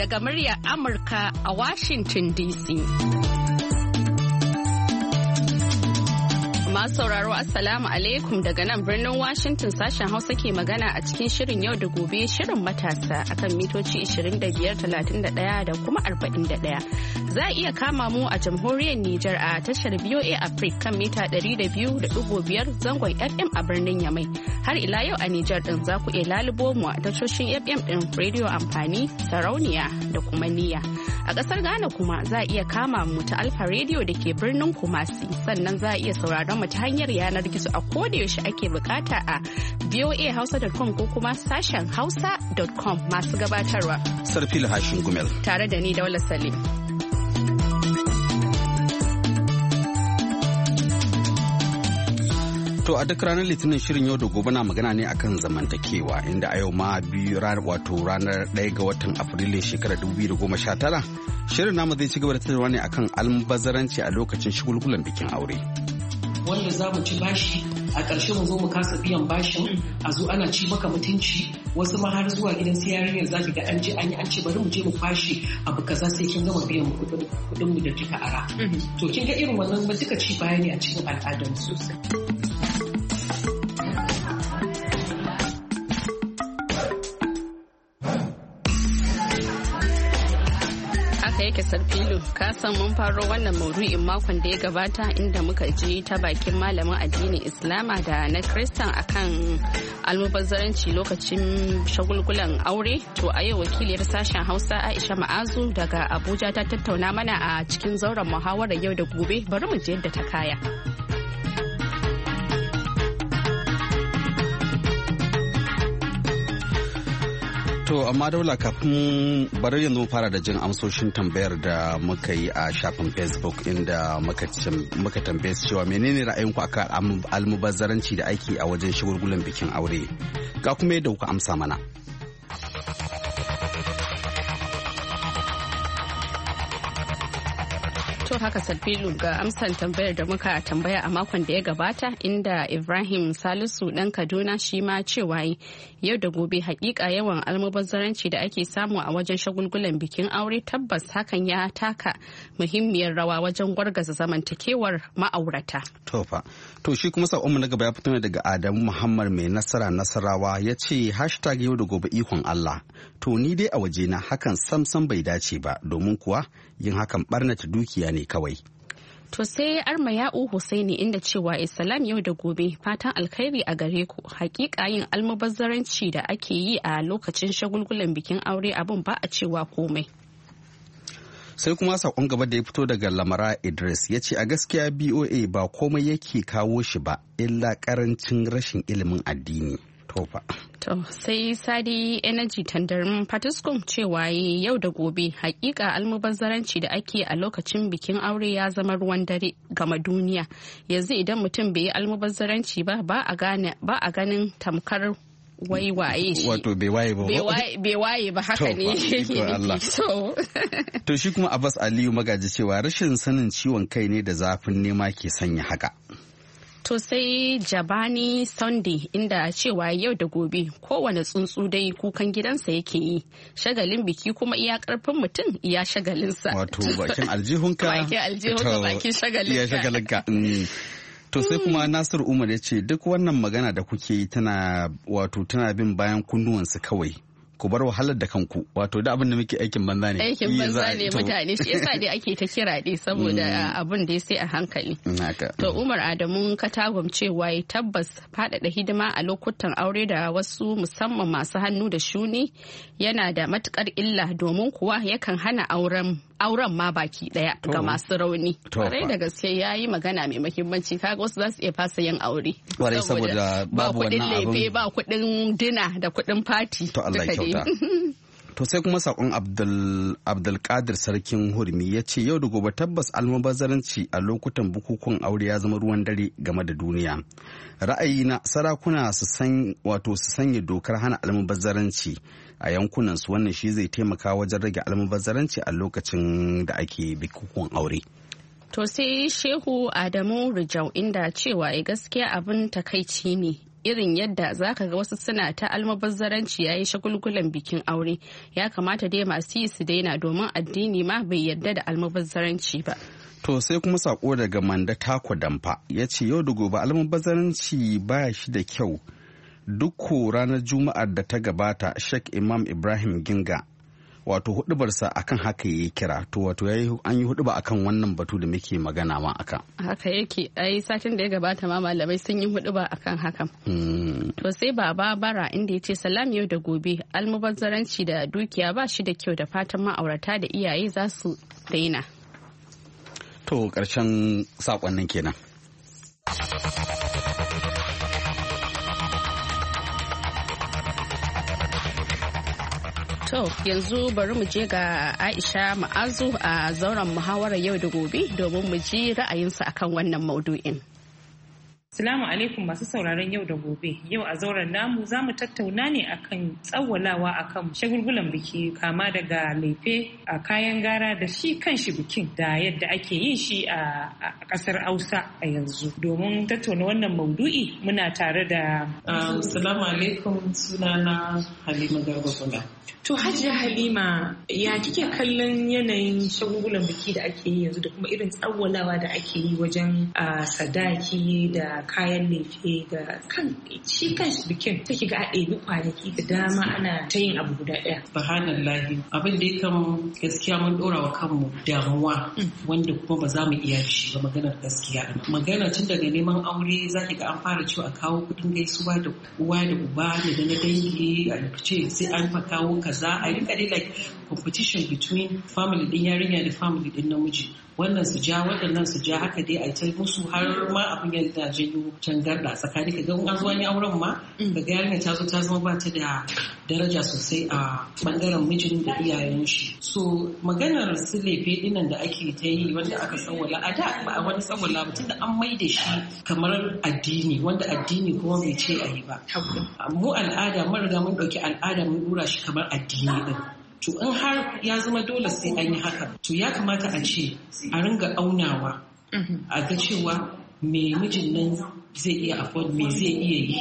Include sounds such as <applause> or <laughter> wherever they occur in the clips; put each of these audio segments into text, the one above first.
Daga murya Amurka a Washington DC. masu sauraro Assalamu alaikum daga nan birnin Washington sashen Hausa ke magana a cikin shirin yau da gobe shirin matasa akan mitoci 25,31 da kuma 41. Za a iya kama mu a jamhuriyar Nijar a tashar BOA Africa kan mita 200.5 zangon FM a birnin Yamai. Har ila yau a Nijar din za ku iya lalubo mu a tashoshin FM din Radio Amfani, Sarauniya da kuma niya. A kasar Ghana kuma za a iya kama mu ta Alfa Radio da ke birnin Kumasi sannan za a iya sauraron mu ta hanyar yanar gizo a yaushe ake bukata a voahausa.com ko kuma sashen hausa.com masu gabatarwa. Sarfil Hashin Gumel. Tare da ni Daula Salim. To a duk ranar litinin shirin yau da gobe na magana ne akan zamantakewa inda a yau ma biyu wato ranar ɗaya ga watan Afrilun shekarar 2019 shirin namu zai ci gaba da tattaunawa ne akan almubazaranci a lokacin shagulgulan bikin aure. wanda za mu ci bashi a ƙarshe mu zo mu kasa biyan bashin a zo ana ci maka mutunci wasu ma har zuwa gidan sai yarinyar za ki ga an je an yi an ce bari mu je mu kwashe abu kaza sai kin gama biyan kuɗin kuɗin mu da kika ara to kin ga irin wannan ba duka ci baya ne a cikin al'adar sosai haka yake sarfi Aminu ka san mun faro wannan maudu'in makon da ya gabata inda muka ji ta bakin malamin addinin Islama da na Kristan akan almubazzaranci lokacin shagulgulan aure. To a yau wakiliyar sashen Hausa Aisha Ma'azu daga Abuja ta tattauna mana a cikin zauren muhawarar yau da gobe bari mu je yadda ta kaya. To amma daula kafin bari yanzu mu fara da jin amsoshin tambayar da muka yi a shafin Facebook inda muka tambaye cewa menene ra'ayinku aka almubazzaranci da aiki a wajen shagulgulan bikin aure. Ga kuma yadda kuka amsa mana. so haka salfilu ga amsan tambayar da muka tambaya a makon da ya gabata inda ibrahim salisu dan kaduna shi ma cewa yau da gobe hakika yawan almubazzaranci da ake samu a wajen shagulgulan bikin aure tabbas hakan ya taka muhimmiyar rawa wajen gwargaza zamantakewar ma'aurata to shi kuma mu na gaba ya fito ne daga adamu muhammad mai nasara nasarawa ya ce hashtag yau da gobe ikon allah to ni dai a waje na hakan samsam bai dace ba domin kuwa yin hakan barnata dukiya ne kawai. To sai arma ya'u Husaini inda cewa Islam yau da gobe fatan alkhairi a gare ku hakika yin almubazzaranci da ake yi a lokacin shagulgulan bikin aure abun ba a cewa komai. sai kuma saƙon gaba da ya fito daga lamara idris ya ce a gaskiya boa ba komai yake kawo shi ba illa ƙarancin rashin ilimin addini tofa. To sai Sadi Energy Tandarin Patiskum cewa yau da gobe hakika almubazzaranci da ake a lokacin bikin aure ya zama ruwan dare gama duniya. Yanzu idan mutum bai yi almubazzaranci ba ba a ganin tamkar wai waye shi wato bai waye ba bai waye ba haka ne Allah. <laughs> to shi kuma Abbas Aliyu magaji cewa rashin sanin ciwon kai ne da zafin nema ke sanya haka To sai Jabani Sunday inda cewa yau da gobe kowane tsuntsu dai kukan gidansa yake yi. Shagalin biki kuma iya karfin mutum iya shagalinsa. Wato bakin aljihunka. <laughs> Bakin aljihunka bakin shagalinka. Iya shagalinka. Mm. To sai kuma mm. Nasir Umar ya ce duk wannan magana da kuke yi tana wato tana bin bayan kunnuwansu kawai. ku bar wahalar da kanku wato da abin da muke aikin banza ne aikin banza ne mutane shi yasa dai <laughs> ake ta kira dai saboda mm. abin da sai a hankali mm, to Umar Adamu ka katagum cewa tabbas faɗaɗa hidima a lokutan aure da wasu musamman masu hannu da shuni yana da matukar illa domin kuwa yakan hana auren auren ma baki daya ga masu rauni kwarai da gaske ya yi magana mai mahimmanci kaga wasu za su iya fasa yin aure kwarai saboda babu wannan abin ba kuɗin lefe ba kuɗin dina da kuɗin fati to Allah kyauta <laughs> to sai kuma saƙon abdulkadir sarkin hurmi ya ce yau da gobe tabbas almubazzaranci a lokutan bukukuwan aure ya zama ruwan dare game da duniya ra'ayi na sarakuna su su sanya dokar hana almubazzaranci a yankunan su wannan shi zai taimaka wajen rage almubazzaranci a lokacin da ake bukukuwan aure. To sai Shehu Adamu Rijau inda cewa ya eh, gaskiya abin takaici ne irin yadda za ka ga wasu suna ta almubazzaranci ya yi shagulgulan bikin aure ya kamata dai masu yi su daina domin addini ma bai yarda da almubazzaranci ba. To sai kuma sako daga Manda Tako Damfa ya ce yau da gobe almubazzaranci ba shi da kyau duk ranar juma'ar da ta gabata sheikh imam ibrahim ginga wato hudubarsa akan haka ya yi kira to wato an yi huduba akan wannan batu da muke magana ma aka haka yake ai satin da ya gabata ma malamai sun yi huduba akan haka hmm. to sai baba bara inda ya ce salam yau da gobe almubazzaranci da dukiya ba shi da kyau da fatan ma'aurata da iyaye za su daina to karshen sakonnin kenan To yanzu bari mu je ga Aisha Ma'azu a zauren muhawarar yau da gobe domin mu ji ra'ayinsa akan wannan maudu'in. Salamu alaikum masu sauraron yau da gobe. Yau a zauren namu za mu tattauna ne akan tsawwalawa akan shagulgulan biki kama daga laife a kayan gara da shi kan shi bikin da yadda ake yin shi a kasar Hausa a yanzu. Domin tattauna wannan maudu'i muna tare da. Ah, Salamu alaikum sunana Halima Garba To Hajiya Halima ya kike kallon yanayin shagulgulan biki da ake yi yanzu da kuma irin tsawwalawa da ake yi wajen sadaki da kayan lefe da kan shi kan bikin ta ga a ɗebi kwanaki da dama ana ta yin abu guda ɗaya. lahi abin da kama gaskiya mun ɗora wa kanmu damuwa mm. wanda kuma ba za mu iya shi ba maganar gaskiya. Magana tun daga neman aure za ki ga an fara cewa a kawo kuɗin gaisuwa da uwa da uba da na dangi a ce sai an fa kawo kaza a yi dai like competition between family din yarinya da family din namiji wannan su ja waɗannan su ja haka dai a ta musu har ma abin ya da janyo tangarɗa tsakani ka ga an zuwa ni auren ma mm. ka ga yarinya ta zo ta zama ba ta da daraja sosai a bangaren mijin da iyayen shi so maganar su lefe dinan da ake ta yi wanda aka tsawola, a da ba a wani tsawala ba tunda an maida shi kamar addini wanda addini kuma bai ce a yi ba mu al'ada mun riga mun ɗauki al'ada mun dura shi kamar addini din to in har ya zama dole sai an yi haka to ya kamata a ce a ringa aunawa a ga cewa me mijin nan zai iya afford me zai iya yi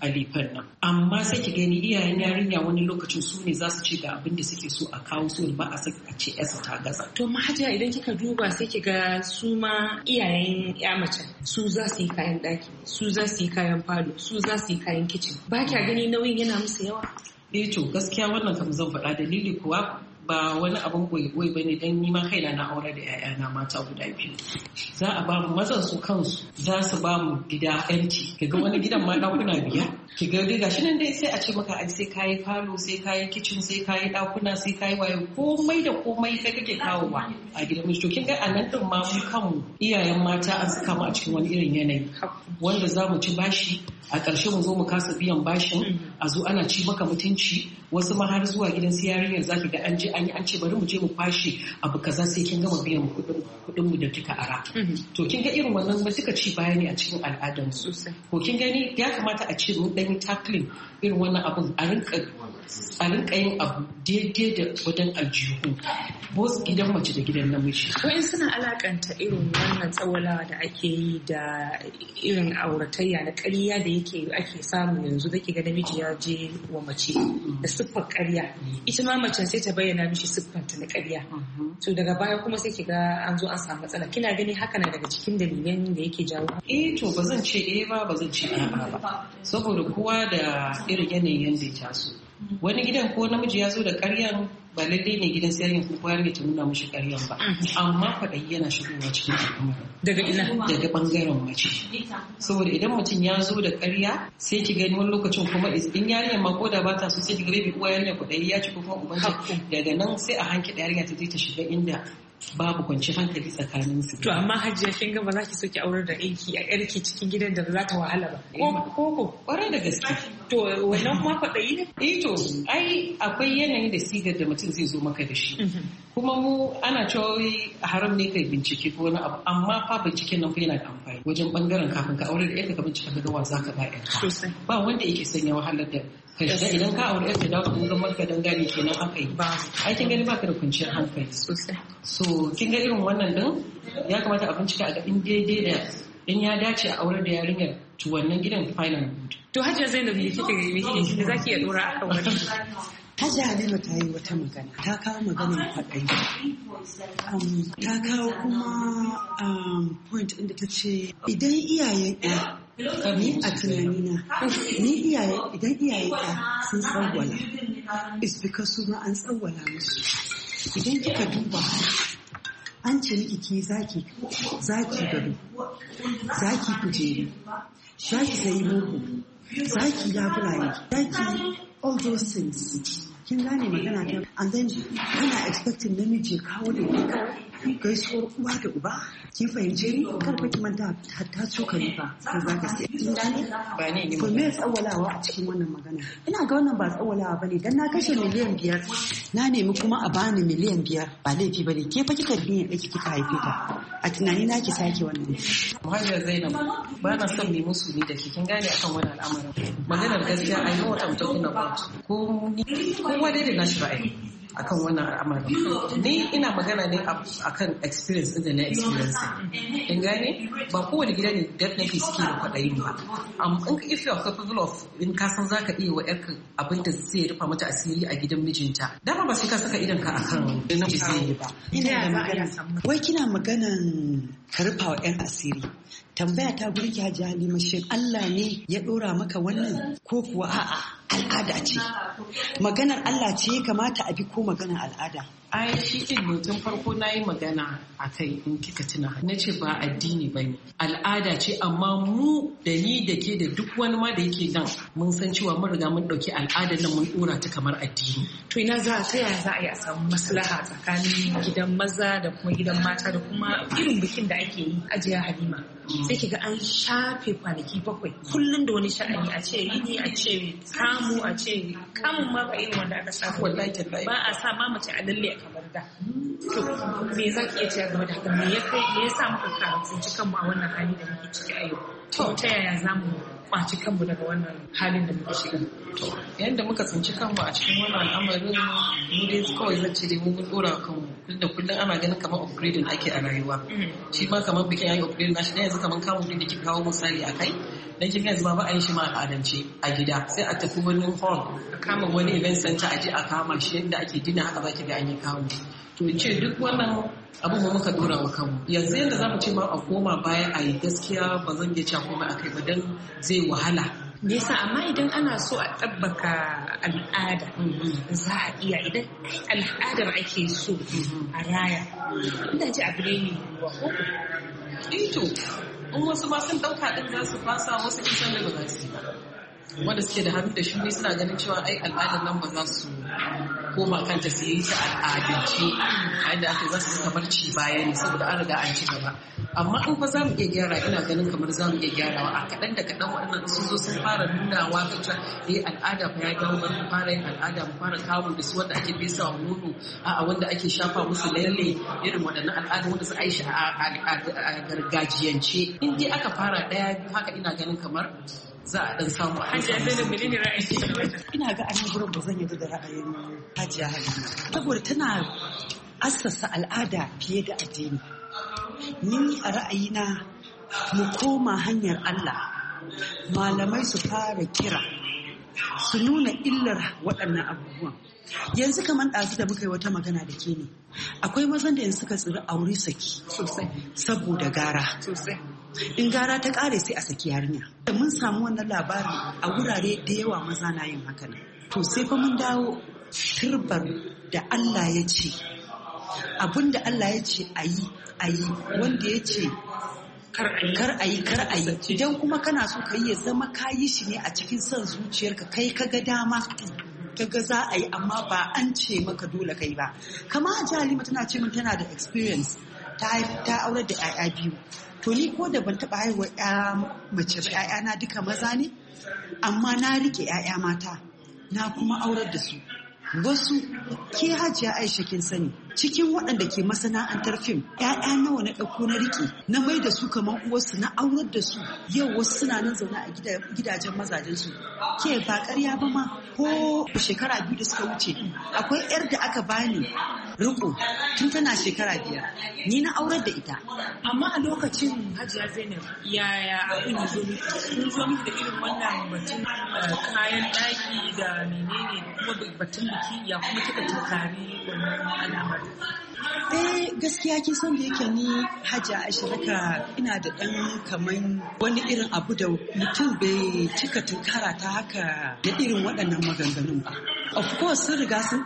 a lifan nan amma sai ki gani iyayen yarinya wani lokacin su ne za su ce ga abin da suke so a kawo su ba a saki a ce yasa ta gaza to mahaja idan kika duba sai ki ga su ma iyayen ya mace su za su yi kayan daki su za su yi kayan falo su za su yi kayan kicin ba kya gani nauyin yana musu yawa eh to gaskiya wannan kam zan faɗa dalili kuwa ba wani abin goyi ba ne don yi ma kaina na aure da 'ya'yana mata guda biyu za a bamu mazan su kansu za su bamu gida Ki ga wani gidan ma ɗakuna biyar ki ga shi shi nan dai sai a ce maka ai sai kayi falo sai kayi kicin sai kayi ɗakuna sai kayi wayo. komai da komai kai kake kawowa a gidan mu to kin ga a nan din ma mu kanmu iyayen mata an saka mu a cikin wani irin yanayi wanda za mu ci bashi a ƙarshe mu zo mu kasa biyan bashin mm-hmm. a zo ana ci maka mutunci wasu ma har zuwa gidan su yarinyar zaki ga an je an ce bari mu je mu kwashe abu kaza sai kin gama biyan kuɗin mu da kika ara mm-hmm. to kin ga irin wannan ba duka ci bayani a cikin al'adar su ko kin gani ya kamata a ce mun dan tackling irin wannan abun a rinka a rinka yin abu daidai da wajen aljihu bos gidan mace da gidan namiji. ko in suna alakanta irin wannan tsawalawa da ake yi da irin auratayya na ƙarya da yake ake samu yanzu da ga namiji ya je wa mace da siffar karya ita ma mace sai ta bayyana mishi siffanta na karya mm-hmm. to daga baya kuma sai ga an zo an samu matsala kina gani haka na daga cikin dalilan da yake jawo eh to ba zan ce eh ba ba zan ce a'a ba saboda kowa da irin yanayin da ya taso mm. wani gidan ko namiji ya zo da karyan ba lallai ne gidan sayar ko kwayar ne ta nuna mashi karyan ba mhm. amma kwaɗayi yana shigowa cikin daga ina daga bangaren mace saboda idan mutum ya zo da karya sai ki gani wani lokacin kuma in yarinya ma koda ba ta so sai ki ga bai uwa yarinyar ya ci ko kuma ubanta daga nan sai a hanki da yarinya ta je ta shiga inda babu kwanci hankali tsakanin su. To amma hajiya kin ba za ki so ki aurar da aiki a yarki cikin gidan da ba za ta wahala ba. Ko ko kwarai da gaske. To wannan ma kwaɗayi ne? Eh to ai akwai yanayin da sigar da mutum zai zo maka da shi. Mhm. Kuma mu ana cewa haram ne kai bincike ko wani abu amma fa binciken nan fa yana da amfani. wajen bangaren kafin ka aure da yanka ka bincika ka gawa za ka ba ba wanda yake sanya wahalar da kashe idan ka aure yanka da kuma zaman ka gane kenan haka yi ai kin gani baka da kunciyar hankali so kin ga irin wannan din ya kamata a bincika a ga in daidai da in ya dace a aure da yarinyar to wannan gidan final to hajjar zainab ne kike ga me kike za ki iya dora kan wannan Hajji Halima ta yi wata magana, ta kawo maganar kwaɗayi. Um, ta kawo kuma um, point inda ta ce idan iyayen ya ni a tunanina ni iyayen idan iyayen ya sun tsawwala is because su ma an tsawwala musu idan kika duba an ce miki ki zaki zaki gado zaki kujeru zaki sayi mugu zaki labulaye zaki all those things kin gane magana ta and then kana expecting namiji kawo ne kawai gaisuwar uwa da uba kin fahimce ni kar fa ki manta hatta cuka ni fa za ka sai kin gane ba ne ni me tsawalawa a cikin wannan magana ina ga wannan ba tsawalawa bane dan na kashe miliyan biyar na nemi kuma a bani miliyan biyar ba laifi bane ke fa kika biye da kika haife ta a tunani na ki sake wannan muhajjar zainab ba na son mai musu ni da ki kin gane akan wannan al'amarin maganar gaskiya a yi wata mutum na ko ni ko wani da na shi ra'ayi akan wannan al'amari ni ina magana ne akan experience din da na experience in gane ba kowane gida ne nake suke da kwaɗayin ba um, if you are of in ka san zaka iya wa yarka abin da zai rufa mata asiri a gidan mijinta dama ba sai ka saka idan ka akan zai yi ba wai kina maganan ka rufa wa yan asiri tambaya ta gurki hajji halima shin Allah ne ya dora maka wannan ko kuwa a'a al'ada ce maganar Allah ce ya kamata a bi ko maganar al'ada ai shi ɗin tun farko na yi magana a kai in kika tuna na ce ba addini ba ne al'ada ce amma mu da ni da ke da duk wani ma da yake nan mun san cewa mun riga mun ɗauki al'adar nan mun ɗora ta kamar addini. to ina za a ta yaya za a yi a samu maslaha tsakanin gidan maza da kuma gidan mata da kuma irin bikin da ake yi ajiya halima. sai kiga an shafe kwanaki bakwai kullum da wani sha'ani a ce rini a ce kamu a ce kamun ma ba irin wanda aka shafe ba a sa ma mace a lalle kai kamar da to me zan iya cewa game da haka me ya kai me ya sa muka karanci kanmu a wannan hali da muke ciki a yau to ta yaya za mu kwaci kanmu daga wannan halin da muke shiga to yadda muka tsinci kanmu a cikin wannan al'amarin mu dai kawai zan ce dai mu mun dora kanmu duk da kullum ana ganin kamar upgrading ake a rayuwa mm. shi ma kamar bikin yayi upgrading nashi ne yanzu kamar kamun da kika kawo misali kai. dan kika yanzu ba a yi shi ma al'adance a gida sai a tafi wani hall a kama wani event center a je a kama shi yadda ake dina haka zaki ga an yi kawo to in ce duk wannan abin da muka dora wa kanmu yanzu yadda za mu ce ma a koma baya a yi gaskiya ba zan iya cewa komai akai ba dan zai wahala nisa amma idan ana so a tabbaka al'ada za a iya idan al'adar ake so a raya ina ji abu ne ne eh to Umma su ba sun dauka din za su fasa wasu kusan daga za su yi ba wanda suke da hannu da shi ne suna ganin cewa ai al'adar nan ba za su koma kanta su yi ta al'adance a yadda aka za su kamar ci baya ne saboda an riga an ci gaba amma in fa za mu iya gyara ina ganin kamar za mu iya gyarawa a kaɗan da kaɗan waɗannan sun zo sun fara nunawa kan cewa eh al'ada fa ya dawo mu fara yin al'ada mu fara kawo da su wanda ake fesa wa nono a wanda ake shafa musu lalle irin waɗannan al'ada wanda su aisha a gargajiyance in dai aka fara ɗaya haka ina ganin kamar za a dan samu hajiya zainab da ra'ayin ra'ayi. ina ga anan gurin ba zan yarda da ra'ayin hajiya halima saboda tana assasa al'ada fiye da addini ni a ra'ayina mu koma hanyar Allah malamai su fara kira su nuna illar waɗannan abubuwan yanzu kamar ɗazu da muka yi wata magana da ke ne akwai mazan da yanzu suka tsiri aure saki saboda gara in gara ta ƙare sai a saki yarinya da mun samu wannan labari a wurare da yawa maza na yin haka ne to sai fa mun dawo turbar da Allah ya ce abin da Allah ya ce a yi a yi wanda ya ce kar a yi kar a yi idan kuma kana so ka yi ya zama ka yi shi ne a cikin son zuciyarka kai ka ga dama ta ga za a yi amma ba an ce maka dole kai ba kama Jalima halima tana ce min tana da experience ta aure da 'ya'ya biyu to ni ko da ban taba haihuwa 'ya mace ba 'ya'ya na duka maza ne amma na rike 'ya'ya mata na kuma aurar da su wasu ke hajiya aisha kin sani cikin waɗanda ke masana'antar fim ‘ya'ya nawa na ɗauko na riƙe na mai da su kamar uwarsu na aurar da su yau wasu suna nan zaune a gidajen mazajen su ke ba ƙarya ba ma ko shekara biyu da suka wuce akwai ‘yar da aka bani riko tun tana shekara biyar ni na aurar da ita amma a lokacin hajiya zainab yaya abin zo miki zo da irin wannan batun eh, kayan ɗaki da menene kuma batun biki ya kuma kika tunkari wannan al'amari Eh gaskiya kin san da yake ni hajji a shirka ina da ɗan kamar wani irin abu da mutum bai cika tunkara ta haka da irin waɗannan maganganun ba. Of course sun riga sun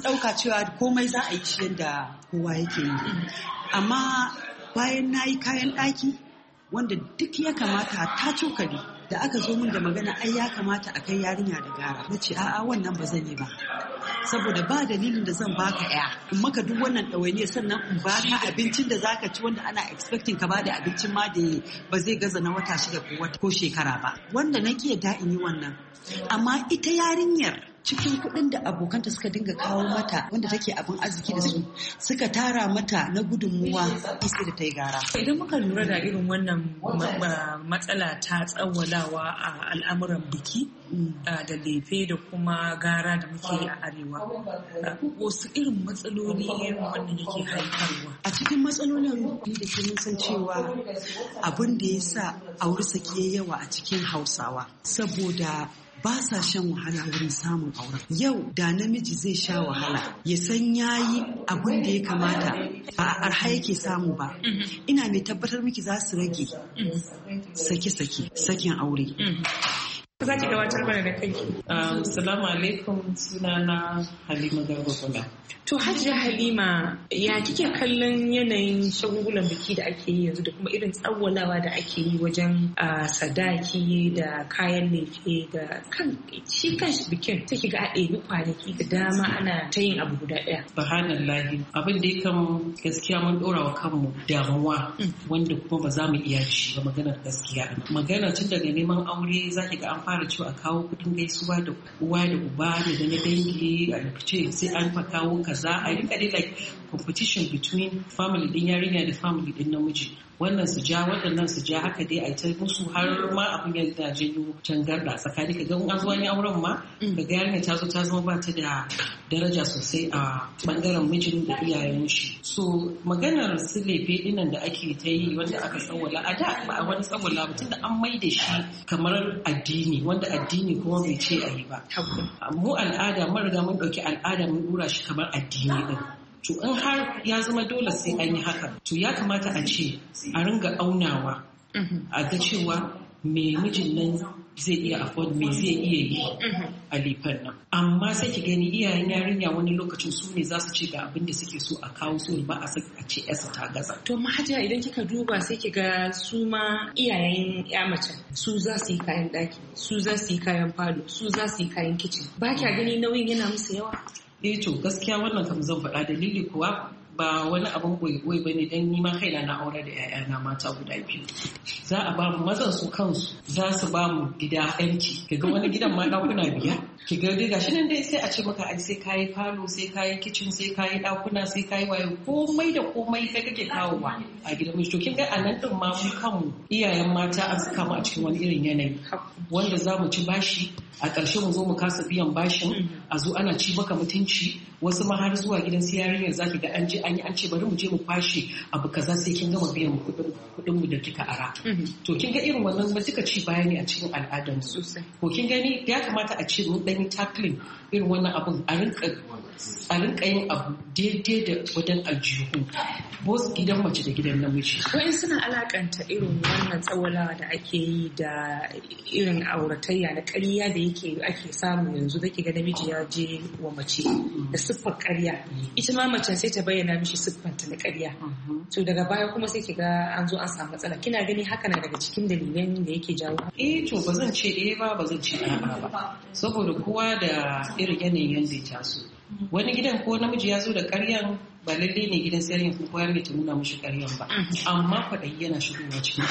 ɗauka cewa komai za a yi shi yadda kowa yake yi. Amma bayan na yi kayan ɗaki wanda duk ya kamata ta cokali da aka zo min da magana ai ya kamata a kai yarinya da gara. Na ce a'a wannan ba zan yi ba. saboda ba dalilin da zan baka ya in maka duk wannan ɗawainiya sannan in baka abincin da zaka ci wanda ana expecting ka bada abincin ma da ba zai gaza na wata shida ko shekara ba wanda na kiyata da in yi wannan amma ita yarinyar cikin kuɗin da abokanta suka dinga kawo mata wanda take abin arziki da su suka tara mata na gudunmuwa isi da ta yi gara. Idan muka lura da irin wannan matsala ta tsawalawa a al'amuran biki mm. da lefe da kuma gara da muke a arewa wasu irin matsaloli wannan yake haifarwa. A cikin matsalolin da ke san cewa abin da ya sa aure sake yawa a cikin hausawa saboda ba sa shan wahala wurin samun aure. yau da namiji zai sha wahala ya san yayi abin da ya kamata ba arha yake samu ba mm-hmm. ina mai tabbatar miki za su rage mm-hmm. sake-sake sakin aure mm-hmm. Za ki gabatar mana da kai. Assalamu um, alaikum na Halima Garba Bala. To Hajiya Halima ya kike kallon yanayin shagugulan biki da ake yi yanzu da kuma irin tsawalawa da ake yi wajen sadaki da kayan lefe da kan shi bikin ta ga a ɗebi kwanaki da dama ana ta yin abu guda ɗaya. lahi abin da yakan gaskiya mun ɗora wa kanmu damuwa mm. wanda kuma ba za mu iya shi ba maganar gaskiya. Magana tun daga neman aure za ki ga an fara cewa a kawo kudin gaisuwa da uwa da uba da na dangi a lokacin sai an fa kawo kaza a rika like competition between family din yarinya da family din namiji wannan su ja waɗannan su ja haka dai a ta musu har ma abin ya da janyo a tsakani ka ga an zo ni auren ma mm. ka ga yarinya ta zo ta zama ba ta da daraja sosai a bangaren mijin da iyayen shi so maganar su lefe dinan da ake ta yi wanda aka tsawola, a da ba a wani tsawola ba tunda an mai da shi kamar addini wanda addini kuma bai ce a yi ba mu al'ada mun riga mun ɗauki al'ada mun dura shi kamar addini din to in har ya zama dole sai an yi haka to ya kamata a ce a ringa aunawa mm-hmm. a ga cewa me mijin nan zai iya afford me zai iya yi mm-hmm. a lifan nan amma sai ki gani iyayen yarinya wani lokacin su ne za su ce ga abin da suke so a kawo su ba a saki a ce yasa ta gaza to mahaja idan kika duba sai ki ga su ma iyayen ya mace su za su yi kayan daki su za su yi kayan falo su za su yi kayan kicin ba kya gani nauyin yana musu yawa eh to gaskiya wannan kam zan faɗa dalili kuwa ba wani abin goyi ba ne don ni ma kaina na aure da na mata guda biyu za a ba mu mazan su kansu za su ba mu gida yanki kaga wani gidan ma dakuna biya ki ga dai gashi nan dai sai a ce maka ai sai kayi falo sai kayi kicin sai kayi dakuna sai kayi wayo komai da komai kai kake kawo ba. a gidan mu to kin ga anan din ma mu iyayen mata a saka mu a cikin wani irin yanayi wanda za mu ci bashi a ƙarshe mu zo mu kasa biyan bashin a zo ana ci maka mutunci wasu ma har zuwa gidan su yarinyar zaki ga an je an yi an ce bari mu je mu kwashe abu kaza sai kin gama biyan kuɗin mu da kika ara mm-hmm. to kin ga irin wannan ba kika ci bayani a cikin al'adar sosai ko kin gani ya kamata a ce mun dan tackling irin wannan abun a rinka a rinka yin abu daidai da wajen aljihu bos gidan mace da gidan namiji in suna alakanta irin wannan tsawalawa da ake yi da irin auratayya na ƙarya da yake ake samu yanzu da ga namiji ya je wa mace siffar karya ita ma macen sai ta bayyana mishi siffanta na karya mhm. to daga baya kuma sai ki ga an zo an samu matsala kina gani haka na daga cikin dalilan da yake jawo eh to ba zan ce eh ba ba zan ce a'a ba saboda kowa da irin yanayin yanda ya taso wani gidan ko namiji ya zo da karyan ba lalle ne gidan sayarwa ko koyar mai ta nuna mashi ƙaryan ba mm-hmm. amma kwaɗayi yana shigowa cikin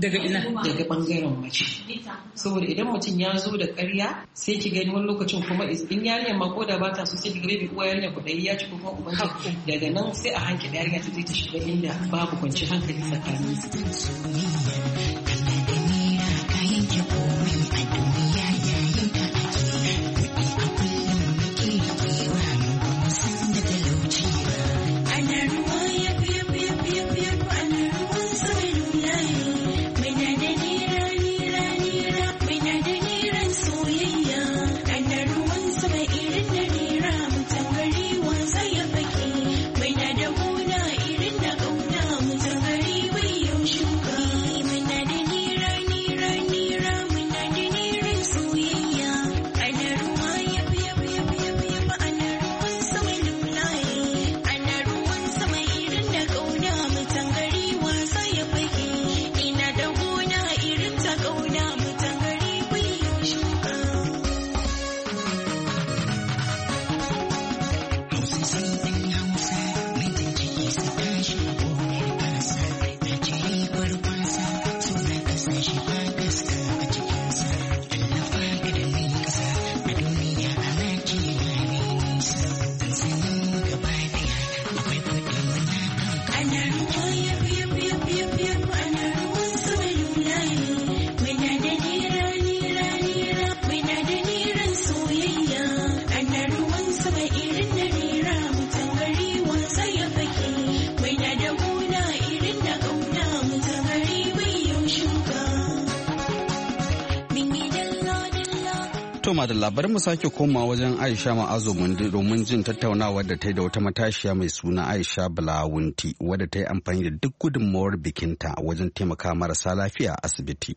daga ina daga bangaren mace saboda idan mutum ya zo da ƙarya sai ki gani wani lokacin kuma in yarinyar ma koda ba ta so sai ki gani bai uwa yarinyar kwaɗayi ya ci kuma uban daga nan sai a hanki da yarinya ta je ta shiga inda babu kwanci hankali tsakanin su. Madalla mu sake koma wajen Aisha Ma'azu Mundi domin jin tattaunawar da ta yi da wata matashiya mai suna Aisha Bulawunti wadda ta yi amfani da duk gudunmawar bikinta wajen taimaka marasa lafiya a asibiti.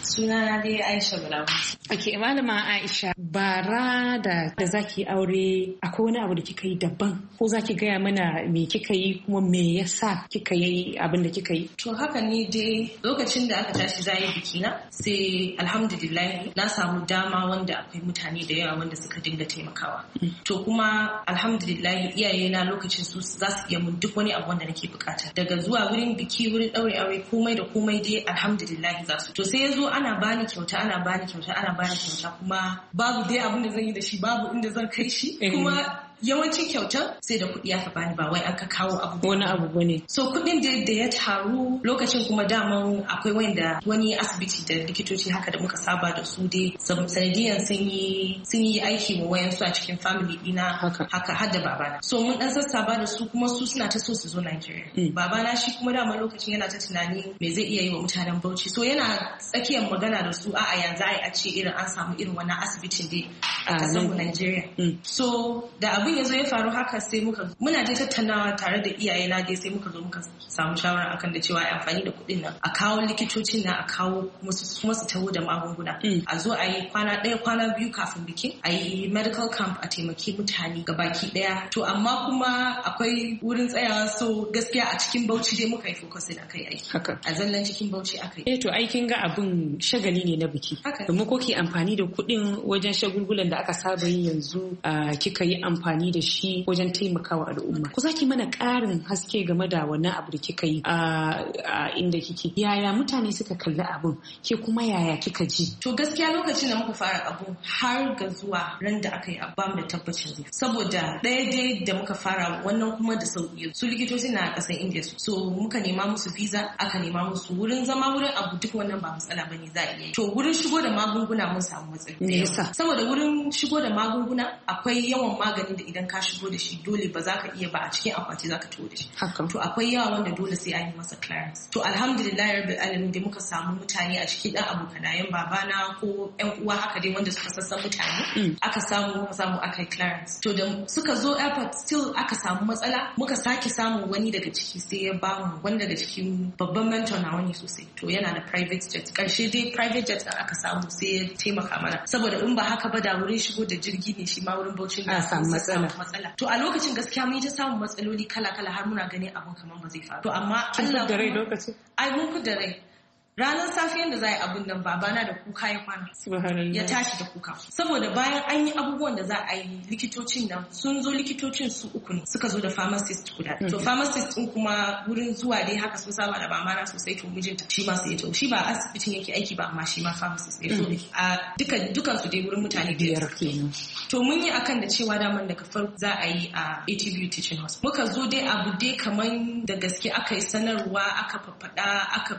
Sunana dai Aisha Bulawu. Ake malama Aisha bara da da zaki aure akwai wani abu da kika yi daban ko zaki gaya mana me kika yi kuma me yasa kika yi abin da kika yi. To haka ni dai lokacin da aka tashi za yi biki na sai alhamdulillah na samu dama wanda akwai mutane da yawa wanda suka dinga taimakawa. Mm. To kuma alhamdulillah iyaye na lokacin su za su iya mun duk wani abu wanda nake bukata. Daga zuwa wurin biki wurin ɗaure aure komai da komai dai alhamdulillah za su. To sai zo ana bani kyauta ana bani kyauta ana bani kyauta kuma babu dai abin da zan yi da shi babu inda zan kai shi eh. kuma yawancin kyautar sai da kuɗi aka bani ba wai aka kawo abu wani abu bane so kuɗin da ya taru lokacin kuma daman akwai wanda wani asibiti da likitoci haka da muka saba da su dai sanadiyan sun yi sun yi aiki wa wayansu a cikin family dina haka har da babana so mun dan sassaba da su kuma su suna ta so su zo Najeriya hmm. babana shi kuma dama lokacin yana ta tunani me zai iya yi wa mutanen Bauchi so yana tsakiyar magana da su a'a yanzu ai a ce irin an samu irin wani asibitin dai a kasar Najeriya hmm. so da abin ya zo ya faru haka sai muka muna je tattaunawa tare da iyaye na dai sai muka zo muka samu shawara akan da cewa amfani da kuɗin nan a kawo likitocin na a kawo musu kuma su taho da magunguna mm. a zo a yi kwana ɗaya kwana biyu kafin biki a yi medical camp a taimaki mutane ga baki ɗaya to amma kuma akwai wurin tsayawa so gaskiya a cikin bauchi dai muka yi focusin akai aiki a zallan cikin bauchi akai eh to aikin ga abin shagali ne na biki domin ko ki amfani da kuɗin wajen shagulgulan da aka saba yi yanzu ah, kika yi amfani amfani da shi wajen taimakawa al'umma ko zaki mana ƙarin haske game da wannan abu da kika yi a inda kike yaya mutane suka kalli abun? ke kuma yaya kika ji to gaskiya lokacin da muka fara abu har ga zuwa ran da aka yi abu bamu da tabbacin zai saboda ɗaya dai da muka fara wannan kuma da sauƙi su likitoci na ƙasar indiya su so muka nema musu visa aka nema musu wurin zama wurin abu duk wannan ba matsala ba ne za a iya to wurin shigo da magunguna mun samu matsala saboda wurin shigo da magunguna akwai yawan maganin da idan ka shigo da shi dole ba za ka iya ba a cikin akwati za ka tuwo da shi to akwai yawa wanda dole sai an yi masa clearance to alhamdulillah rabin alamin da muka samu mutane a cikin ɗan abokanayen babana ko yan uwa haka dai wanda suka sassan mutane mm. aka samu muka samu aka yi clearance to da suka zo airport still aka samu matsala muka sake samu wani daga ciki sai ya mu wani daga cikin babban mentor na wani sosai to yana da private jet karshe dai private jet aka samu sai ya taimaka mana saboda in ba haka ba da wurin shigo da jirgi ne shi ma wurin bauchin da samu matsala samu matsala to a lokacin gaskiya mun ta samun matsaloli kala kala har muna ganin abun kamar ba zai faru to amma Allah da rai lokacin ai mun da rai ranar safiyar da za a yi abun nan babana da kuka ya kwana ya tashi da kuka saboda bayan an yi abubuwan da za a yi likitocin nan sun zo likitocin su uku ne suka zo da pharmacist guda to mm-hmm. pharmacist din kuma wurin zuwa dai haka sun saba da babana sosai to mijinta shi ma sai ya shi ba asibitin yake aiki ba amma shi ma pharmacist mm-hmm. ne a duka dukan su dai wurin mutane biyar kenan to mun yi akan da cewa daman daga farko za a yi a ATV teaching hospital muka zo dai abu dai kaman da gaske aka yi sanarwa aka faɗa aka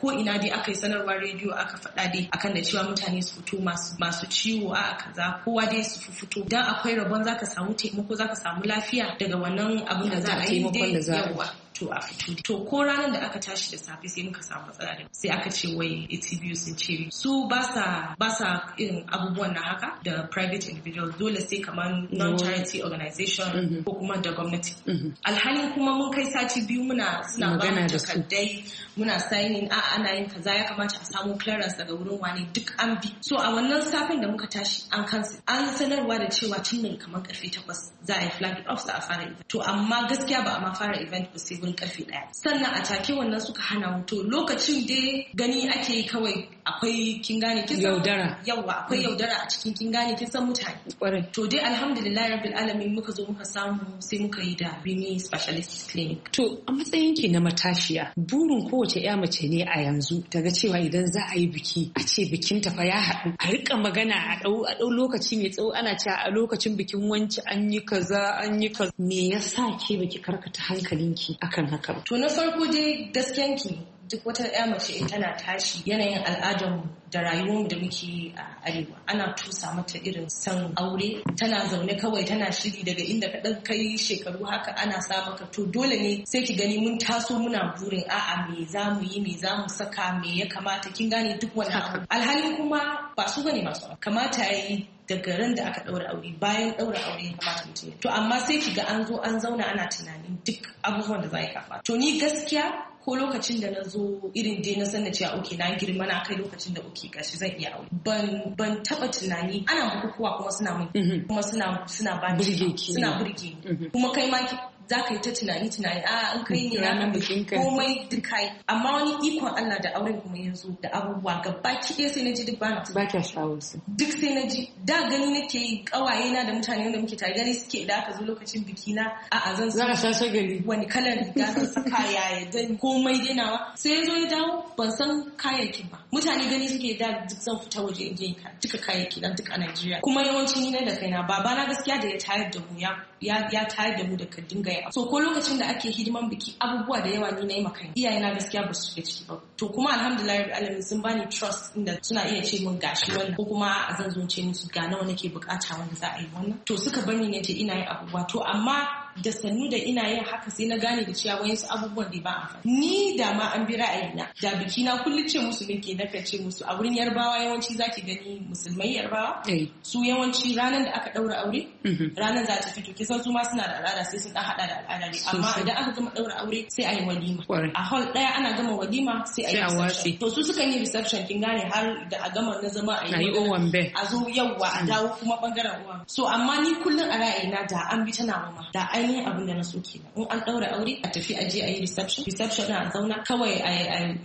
ko ina ma dai aka yi sanarwa rediyo aka faɗa dai akan da cewa mutane su fito masu ciwo a kaza kowa dai su fito dan akwai rabon zaka samu taimako zaka samu lafiya daga wannan abin da za a yi dai yawa to a fito to ko ranar da aka tashi da safe sai muka samu matsala da sai aka ce wai biyu sun ce su ba sa ba sa irin abubuwan na haka da private individual dole sai kamar non charity organization mm-hmm. ko kuma da gwamnati mm-hmm. Alhali kuma mun kai sati biyu muna suna ba mu takardai muna signing a ana yin kaza ya kamata a samu clearance daga wurin wani duk an bi so a wannan safin da muka tashi an kansa an sanarwa da cewa tun kamar karfe takwas za a yi flag off a fara event to amma gaskiya ba a ma fara event ba sai wurin karfe daya sannan a take wannan suka hana to lokacin dai gani ake yi kawai akwai kin gane kin yaudara yawa akwai mm. yaudara a cikin kin gane kin san mutane to dai alhamdulillah rabbil alamin muka zo muka samu sai muka yi da Bini specialist clinic to a matsayin ki na matashiya burin kowace ya mace ne a yanzu daga cewa idan za a yi biki a ce bikin ta fa ya haɗu a rika magana a ɗau a ɗau lokaci mai tsawo ana cewa a lokacin bikin wanci an yi kaza an yi kaza me yasa ke baki karkata hankalinki a akan haka To na farko dai ki duk wata 'ya mace tana tashi yanayin al'adar da rayuwar da muke a arewa ana tusa mata irin san aure tana zaune kawai tana shiri daga inda ka ɗan kai shekaru haka ana sa maka to dole ne sai ki gani mun taso muna burin a'a me za mu yi me za mu saka me ya kamata kin gane duk wani abu alhalin kuma ba su bane masu kamata yi daga ran da aka ɗaura aure bayan ɗaura aure ya kamata mutum to amma sai ga an zo an zauna ana tunanin duk abubuwan da za a kafa to ni gaskiya ko lokacin da na zo irin dai na sanin cewa oke na girma na kai lokacin da oke gashi zan iya aure ban ban taba tunani ana bukukuwa kuma suna mun mhm. kuma suna suna ba suna burge mhm. kuma kai ma za ka yi ta tunani tunani a ah, an kai ne ranar bikin kai komai duk kai amma wani ikon Allah da auren kuma yanzu da abubuwa gaba baki ɗaya sai na ji duk bana ba kya shawar su duk sai na ji da gani nake yi kawaye na da mutane wanda muke tare gani suke da aka zo lokacin biki na a a zan zaka sha shagali wani kalar da zan saka ya dan komai dai nawa sai yanzu ya dawo ban san kayayyakin ba mutane gani suke da duk zan fita waje in je duka kayayyaki dan duk a Najeriya kuma yawanci ni ne da kaina babana gaskiya da ya tayar da mu ya ya tayar da mu da ka dinga kai so ko lokacin da ake hidiman biki abubuwa da yawa ni na yi makai iyaye na gaskiya ba su ciki ba to kuma alhamdulillah alamin sun bani trust inda suna iya ce min gashi wannan ko kuma a zan zo ce musu ga nawa nake bukata wanda za a yi wannan to suka bar ni ne ce ina yi abubuwa to amma da sannu da ina yin haka sai na gane da cewa wayansu abubuwan da ba a faɗi ni da ma an bi ra'ayina da biki na kullum ce musu nake nakan ce musu a wurin yarbawa yawanci zaki gani musulmai yarbawa eh. su yawanci ranar da aka ɗaura aure mhm. ranar za ta fito kisan su ma suna da al'ada sai sun dan hada da al'ada ne amma idan aka gama ɗaura aure sai a yi walima a hall ɗaya ana gama walima sai a yi reception to su suka yi reception kin gane har da a gama na zama a yi a zo yawwa a mm. dawo kuma bangaren uwa so amma ni kullum a ra'ayina da an bi tana mama da ai ainihin abin da na so ke in an ɗaura aure a tafi a je a yi reception reception a zauna kawai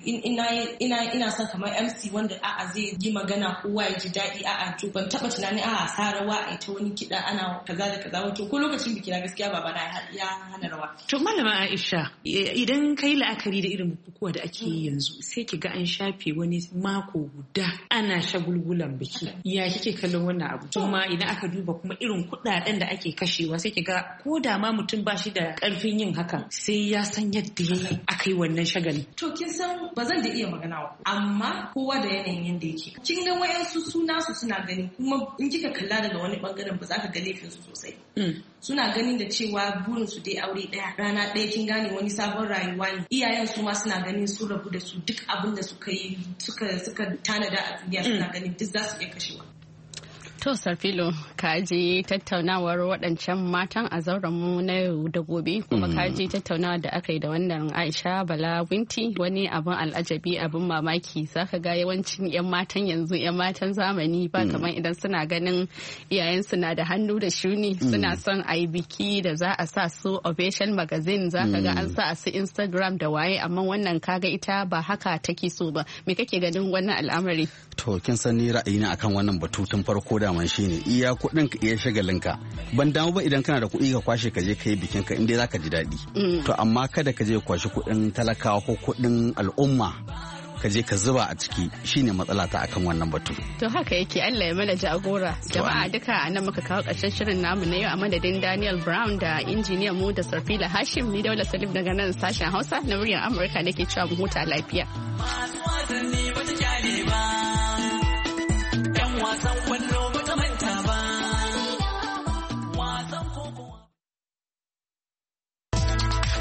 ina ina son kamar MC wanda a'a zai yi magana kowa ya ji daɗi a'a to ban taɓa tunanin a'a sa rawa a ta wani kiɗa ana kaza da kaza wato ko lokacin biki na gaskiya baba na ya hana rawa to malama Aisha idan yi la'akari da irin bukukuwa da ake yi yanzu sai ki ga an shafe wani mako guda ana shagulgulan biki ya kike kallon wannan abu kuma idan aka duba kuma irin kuɗaɗen da ake kashewa sai ki ga ko da ma mutum ba shi da karfin yin haka sai ya san yadda ya aka yi wannan shagali. To kin san ba zan da iya magana ba amma kowa da yanayin yadda yake. Kin ga wayansu suna su suna gani kuma in kika kalla daga wani bangaren ba za ka ga laifin su sosai. Hmm. Suna ganin da cewa burin su dai aure daya rana daya kin gane wani sabon rayuwa ne. Iyayen su ma suna ganin sun rabu da su duk abin da suka yi suka suka tanada a duniya suna hmm. ganin duk za su iya kashewa. To Sarfilo, ka je tattaunawar waɗancan matan a zauren mu na yau da gobe kuma ka mm. je tattaunawa da aka yi da wannan Aisha Bala Winti wani abin al'ajabi abin mamaki za ka ga yawancin 'yan matan yanzu 'yan matan zamani ba mm. kamar idan suna ganin iyayensu na da hannu da shuni suna mm. son a yi biki da za a sa su Ovation magazine Za ka ga an sa a su Instagram da waye amma wannan kaga ita ba haka take so ba me kake ganin wannan al'amari to kin san ni ra'ayina akan wannan batu tun farko da daman shine iya kuɗin ka iya shagalinka ban damu ba idan kana da kuɗi ka kwashe ka je ka yi bikin ka inda zaka ji daɗi mm. to amma kada ka je kwashe kuɗin talakawa ko kuɗin al'umma ka je ka zuba a ciki shine matsala ta akan wannan batu. To haka yake Allah ya mana jagora. Jama'a duka a nan muka kawo ƙarshen shirin namu na yau a madadin Daniel Brown da injiniyan mu da Sarfila Hashim ni Daula Salim daga nan sashen Hausa na muryar Amurka nake cewa mu huta lafiya. Masu wasanni ba ba.